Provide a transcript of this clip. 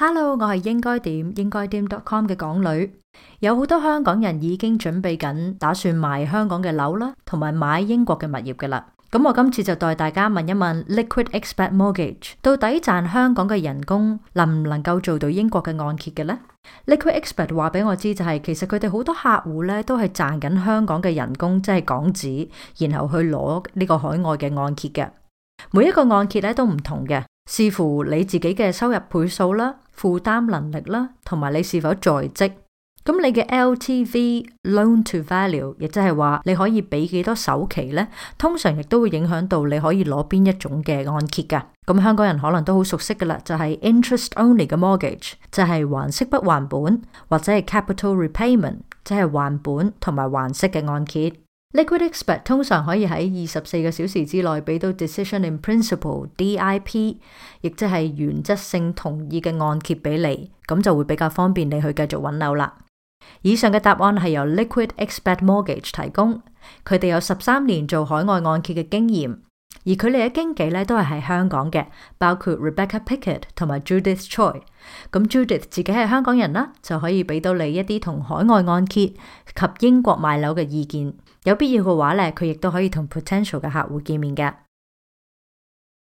Hello，我係應該點應該點 .com 嘅港女，有好多香港人已經準備緊，打算賣香港嘅樓啦，同埋買英國嘅物業嘅啦。咁我今次就代大家問一問 Liquid Expert Mortgage 到底賺香港嘅人工能唔能夠做到英國嘅按揭嘅咧？Liquid Expert 話俾我知就係、是，其實佢哋好多客戶咧都係賺緊香港嘅人工，即、就、係、是、港紙，然後去攞呢個海外嘅按揭嘅。每一個按揭咧都唔同嘅。視乎你自己嘅收入倍數啦、負擔能力啦，同埋你是否在職，咁你嘅 LTV（Loan to Value） 亦即係話你可以畀幾多首期咧，通常亦都會影響到你可以攞邊一種嘅按揭噶。咁香港人可能都好熟悉噶啦，就係、是、Interest Only 嘅 mortgage，就係還息不還本，或者係 Capital Repayment，即係還本同埋還息嘅按揭。Liquid Expert 通常可以喺二十四個小時之內俾到 Decision in Principle (DIP)，亦即係原則性同意嘅按揭俾你，咁就會比較方便你去繼續揾樓啦。以上嘅答案係由 Liquid Expert Mortgage 提供，佢哋有十三年做海外按揭嘅經驗，而佢哋嘅經紀咧都係喺香港嘅，包括 Rebecca Pickett 同埋 Judith Choi。咁 Judith 自己係香港人啦，就可以俾到你一啲同海外按揭及英國買樓嘅意見。有必要嘅話呢，佢亦都可以同 potential 嘅客戶見面嘅。